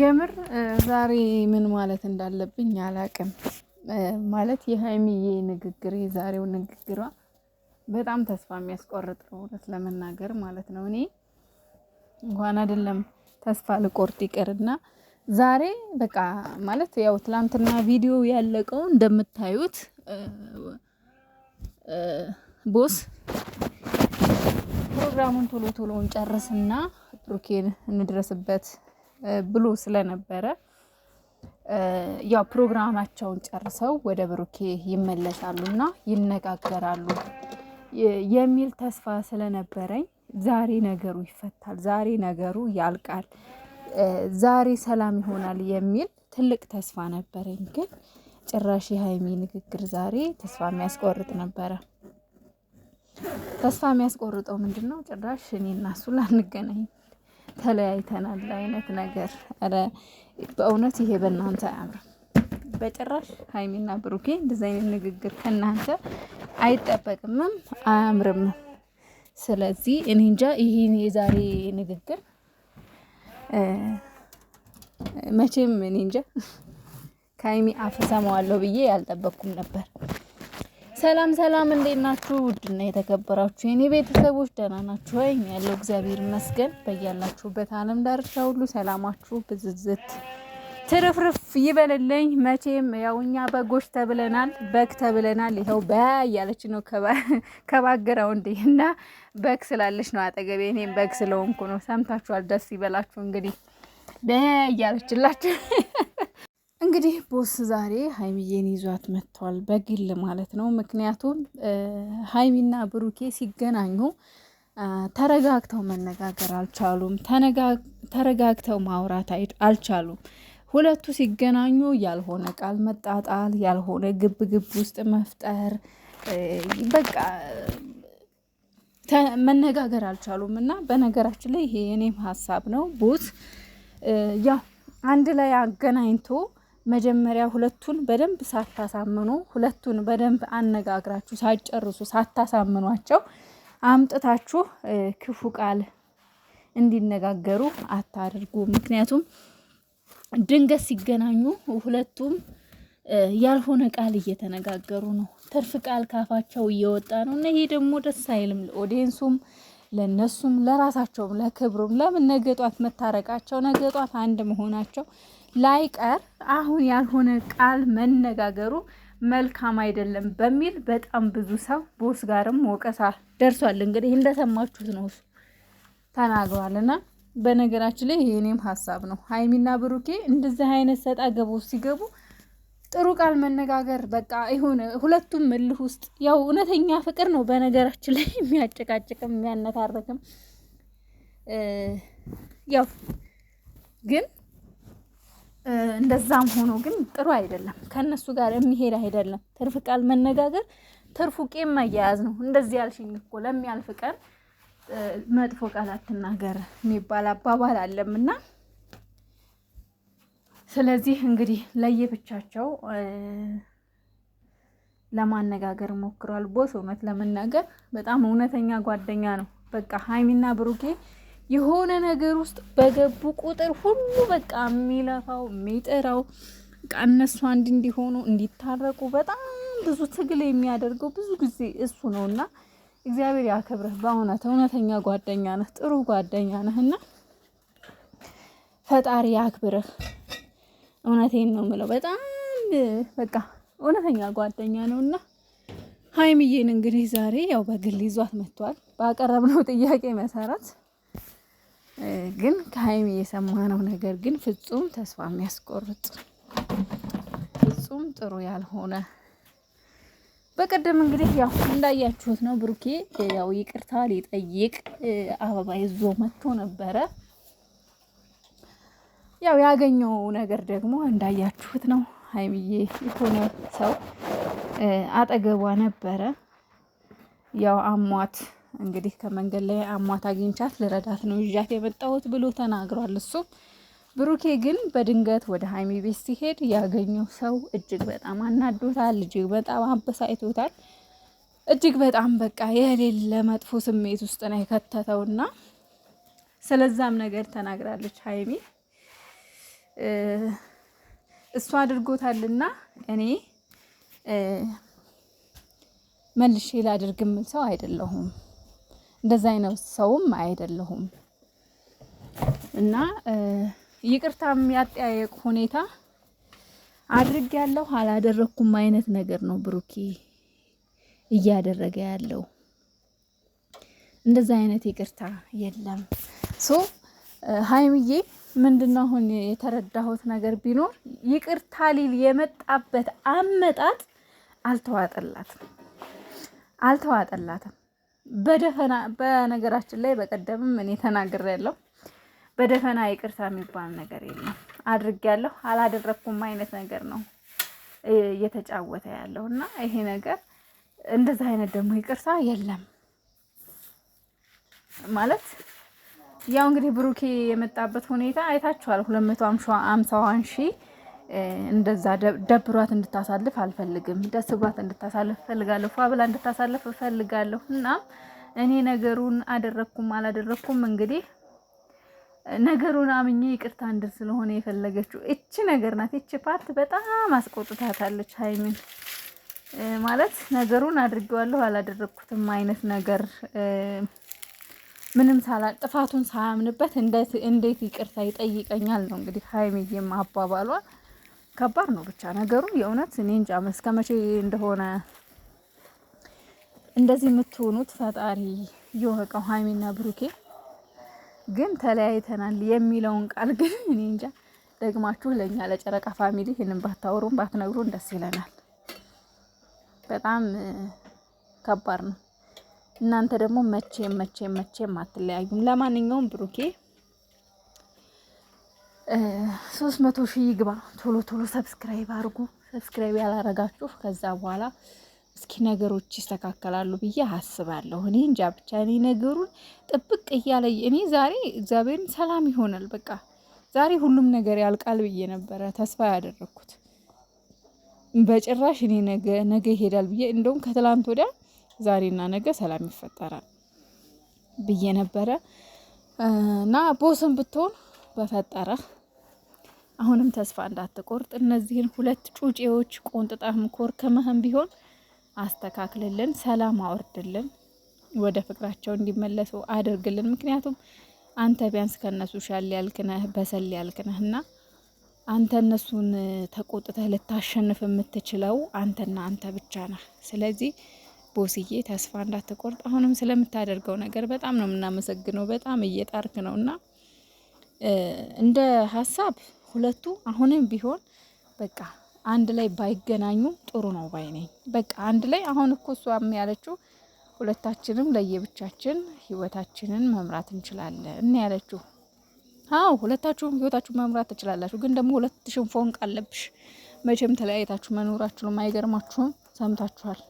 የምር ዛሬ ምን ማለት እንዳለብኝ አላቅም። ማለት የሀይሚዬ ንግግር የዛሬው ንግግሯ በጣም ተስፋ የሚያስቆርጥ ነው፣ እውነት ለመናገር ማለት ነው። እኔ እንኳን አይደለም ተስፋ ልቆርጥ ይቅርና ዛሬ በቃ ማለት ያው ትላንትና ቪዲዮ ያለቀው እንደምታዩት ቦስ ፕሮግራሙን ቶሎ ቶሎን ጨርስና ብሩኬን እንድረስበት ብሎ ስለነበረ ያው ፕሮግራማቸውን ጨርሰው ወደ ብሩኬ ይመለሳሉና ይነጋገራሉ የሚል ተስፋ ስለነበረኝ ዛሬ ነገሩ ይፈታል፣ ዛሬ ነገሩ ያልቃል፣ ዛሬ ሰላም ይሆናል የሚል ትልቅ ተስፋ ነበረኝ። ግን ጭራሽ የሀይሚ ንግግር ዛሬ ተስፋ የሚያስቆርጥ ነበረ። ተስፋ የሚያስቆርጠው ምንድን ነው? ጭራሽ እኔ እና እሱ ላንገናኝ ተለያይተናል አይነት ነገር። ኧረ በእውነት ይሄ በእናንተ አያምርም በጭራሽ። ሀይሚና ብሩኬ እንደዚህ አይነት ንግግር ከእናንተ አይጠበቅምም አያምርም። ስለዚህ እኔ እንጃ ይህን የዛሬ ንግግር መቼም እኔ እንጃ ከሀይሚ አፍ ሰማዋለሁ ብዬ ያልጠበቅኩም ነበር። ሰላም ሰላም፣ እንዴት ናችሁ? ውድና የተከበራችሁ የኔ ቤተሰቦች ደህና ናችሁ ወይ? ያለው እግዚአብሔር ይመስገን። በያላችሁበት ዓለም ዳርቻ ሁሉ ሰላማችሁ ብዝዝት ትርፍርፍ ይበልልኝ። መቼም ያው እኛ በጎች ተብለናል፣ በግ ተብለናል። ይኸው በ እያለች ነው ከባግራውንዴ እና በግ ስላለች ነው አጠገቤ። እኔም በግ ስለሆንኩ ነው። ሰምታችኋል። ደስ ይበላችሁ እንግዲህ በ እያለችላችሁ እንግዲህ ቦስ ዛሬ ሀይሚዬን ይዟት መጥቷል፣ በግል ማለት ነው። ምክንያቱም ሀይሚና ብሩኬ ሲገናኙ ተረጋግተው መነጋገር አልቻሉም፣ ተረጋግተው ማውራት አልቻሉም። ሁለቱ ሲገናኙ ያልሆነ ቃል መጣጣል፣ ያልሆነ ግብ ግብ ውስጥ መፍጠር፣ በቃ መነጋገር አልቻሉም። እና በነገራችን ላይ ይሄ የኔም ሀሳብ ነው ቦስ ያው አንድ ላይ አገናኝቶ መጀመሪያ ሁለቱን በደንብ ሳታሳምኑ ሁለቱን በደንብ አነጋግራችሁ ሳጨርሱ ሳታሳምኗቸው አምጥታችሁ ክፉ ቃል እንዲነጋገሩ አታድርጉ። ምክንያቱም ድንገት ሲገናኙ ሁለቱም ያልሆነ ቃል እየተነጋገሩ ነው፣ ትርፍ ቃል ካፋቸው እየወጣ ነው እና ይሄ ደግሞ ደስ አይልም። ለኦዲየንሱም፣ ለነሱም፣ ለራሳቸውም፣ ለክብሩም። ለምን ነገጧት መታረቃቸው ነገጧት አንድ መሆናቸው ላይቀር አሁን ያልሆነ ቃል መነጋገሩ መልካም አይደለም በሚል በጣም ብዙ ሰው ቦስ ጋርም ወቀሳ ደርሷል። እንግዲህ እንደሰማችሁት ነው እሱ ተናግሯል። እና በነገራችን ላይ የእኔም ሀሳብ ነው ሀይሚና ብሩኬ እንደዚህ አይነት ሰጣ ገቦ ሲገቡ ጥሩ ቃል መነጋገር በቃ ይሁን። ሁለቱም እልህ ውስጥ ያው እውነተኛ ፍቅር ነው በነገራችን ላይ የሚያጨቃጭቅም የሚያነታረክም ያው ግን እንደዛም ሆኖ ግን ጥሩ አይደለም። ከእነሱ ጋር የሚሄድ አይደለም። ትርፍ ቃል መነጋገር ትርፉ ቂም መያያዝ ነው። እንደዚህ ያልሽኝ እኮ ለሚያልፍ ቀን መጥፎ ቃል አትናገር የሚባል አባባል አለም እና ስለዚህ እንግዲህ ለየብቻቸው ለማነጋገር ሞክሯል። ቦስ እውነት ለመናገር በጣም እውነተኛ ጓደኛ ነው። በቃ ሀይሚና ብሩኬ የሆነ ነገር ውስጥ በገቡ ቁጥር ሁሉ በቃ የሚለፋው የሚጠራው በቃ እነሱ አንድ እንዲሆኑ እንዲታረቁ በጣም ብዙ ትግል የሚያደርገው ብዙ ጊዜ እሱ ነው እና እግዚአብሔር ያክብርህ። በእውነት እውነተኛ ጓደኛ ነህ፣ ጥሩ ጓደኛ ነህ እና ፈጣሪ ያክብርህ። እውነቴን ነው የምለው። በጣም በቃ እውነተኛ ጓደኛ ነው እና ሀይሚዬን እንግዲህ ዛሬ ያው በግል ይዟት መጥቷል ባቀረብነው ጥያቄ መሰረት ግን ከሀይሚ የሰማነው ነገር ግን ፍጹም ተስፋ የሚያስቆርጥ ፍጹም ጥሩ ያልሆነ በቀደም እንግዲህ ያው እንዳያችሁት ነው። ብሩኬ ያው ይቅርታ ሊጠይቅ አበባ ይዞ መጥቶ ነበረ። ያው ያገኘው ነገር ደግሞ እንዳያችሁት ነው። ሀይሚዬ የሆነ ሰው አጠገቧ ነበረ ያው አሟት እንግዲህ ከመንገድ ላይ አሟት አግኝቻት ልረዳት ነው ይዣት የመጣሁት ብሎ ተናግሯል። እሱም ብሩኬ ግን በድንገት ወደ ሀይሚ ቤት ሲሄድ ያገኘው ሰው እጅግ በጣም አናዶታል፣ እጅግ በጣም አበሳጭቶታል። እጅግ በጣም በቃ የሌለ መጥፎ ስሜት ውስጥ ነው የከተተውና ስለዛም ነገር ተናግራለች ሀይሚ እሱ አድርጎታልና እኔ መልሼ ላድርግ የምል ሰው አይደለሁም። እንደዛ አይነት ሰውም አይደለሁም እና ይቅርታ ያጠያየቅ ሁኔታ አድርግ ያለው አላደረግኩም አይነት ነገር ነው ብሩኪ እያደረገ ያለው። እንደዛ አይነት ይቅርታ የለም። ሶ ሀይምዬ ምንድነው አሁን የተረዳሁት ነገር ቢኖር ይቅርታ ሊል የመጣበት አመጣጥ አልተዋጠላትም አልተዋጠላትም። በደፈና በነገራችን ላይ በቀደምም እኔ ያለው በደፈና ይቅርታ የሚባል ነገር የለም። አድርጌያለሁ አላደረግኩም አይነት ነገር ነው እየተጫወተ ያለው እና ይሄ ነገር እንደዛ አይነት ደግሞ ይቅርታ የለም ማለት ያው እንግዲህ ብሩኬ የመጣበት ሁኔታ አይታችኋል። ሁለት መቶ ሃምሳዋን ሺህ እንደዛ ደብሯት እንድታሳልፍ አልፈልግም። ደስ ብሏት እንድታሳልፍ እፈልጋለሁ። ፏ ብላ እንድታሳልፍ እፈልጋለሁ። እና እኔ ነገሩን አደረግኩም አላደረግኩም እንግዲህ ነገሩን አምኜ ይቅርታ እንድል ስለሆነ የፈለገችው እቺ ነገር ናት። እቺ ፓርት በጣም አስቆጥታታለች ሀይሚን ማለት ነገሩን አድርጌዋለሁ አላደረግኩትም አይነት ነገር ምንም ሳላ ጥፋቱን ሳያምንበት እንዴት ይቅርታ ይጠይቀኛል ነው እንግዲህ ሀይሚዬም አባባሏ። ከባድ ነው ብቻ ነገሩ። የእውነት እኔ እንጃ እስከ መቼ እንደሆነ እንደዚህ የምትሆኑት ፈጣሪ የወቀው። ሀይሚና ብሩኬ ግን ተለያይተናል የሚለውን ቃል ግን እኔ እንጃ ደግማችሁ ለእኛ ለጨረቃ ፋሚሊ ይህንን ባታወሩም ባትነግሩን ደስ ይለናል። በጣም ከባድ ነው። እናንተ ደግሞ መቼም መቼም መቼም አትለያዩም። ለማንኛውም ብሩኬ ሶስት መቶ ሺህ ይግባ። ቶሎ ቶሎ ሰብስክራይብ አድርጉ። ሰብስክራይብ ያላረጋችሁ ከዛ በኋላ እስኪ ነገሮች ይስተካከላሉ ብዬ አስባለሁ። እኔ እንጃ ብቻ እኔ ነገሩን ጥብቅ እያለ እኔ ዛሬ እግዚአብሔርን ሰላም ይሆናል በቃ ዛሬ ሁሉም ነገር ያልቃል ብዬ ነበረ ተስፋ ያደረግኩት። በጭራሽ እኔ ነገ ነገ ይሄዳል ብዬ እንደውም ከትላንት ወዲያ ዛሬና ነገ ሰላም ይፈጠራል ብዬ ነበረ እና ቦስም ብትሆን በፈጠረህ አሁንም ተስፋ እንዳትቆርጥ። እነዚህን ሁለት ጩጬዎች ቆንጥጣም ኮርከመህም ቢሆን አስተካክልልን፣ ሰላም አወርድልን፣ ወደ ፍቅራቸው እንዲመለሱ አድርግልን። ምክንያቱም አንተ ቢያንስ ከነሱ ሻል ያልክነህ በሰል ያልክነህ እና አንተ እነሱን ተቆጥተህ ልታሸንፍ የምትችለው አንተና አንተ ብቻ ነህ። ስለዚህ ቦስዬ ተስፋ እንዳትቆርጥ። አሁንም ስለምታደርገው ነገር በጣም ነው የምናመሰግነው። በጣም እየጣርክ ነው እና እንደ ሀሳብ ሁለቱ አሁንም ቢሆን በቃ አንድ ላይ ባይገናኙ ጥሩ ነው ባይ ነኝ። በቃ አንድ ላይ አሁን እኮ እሷም ያለችው ሁለታችንም ለየብቻችን ህይወታችንን መምራት እንችላለን እና ያለችው አዎ ሁለታችሁም ህይወታችሁን መምራት ትችላላችሁ። ግን ደግሞ ሁለት ሽንፎን ቃለብሽ መቼም ተለያየታችሁ መኖራችሁ አይገርማችሁም። ሰምታችኋል።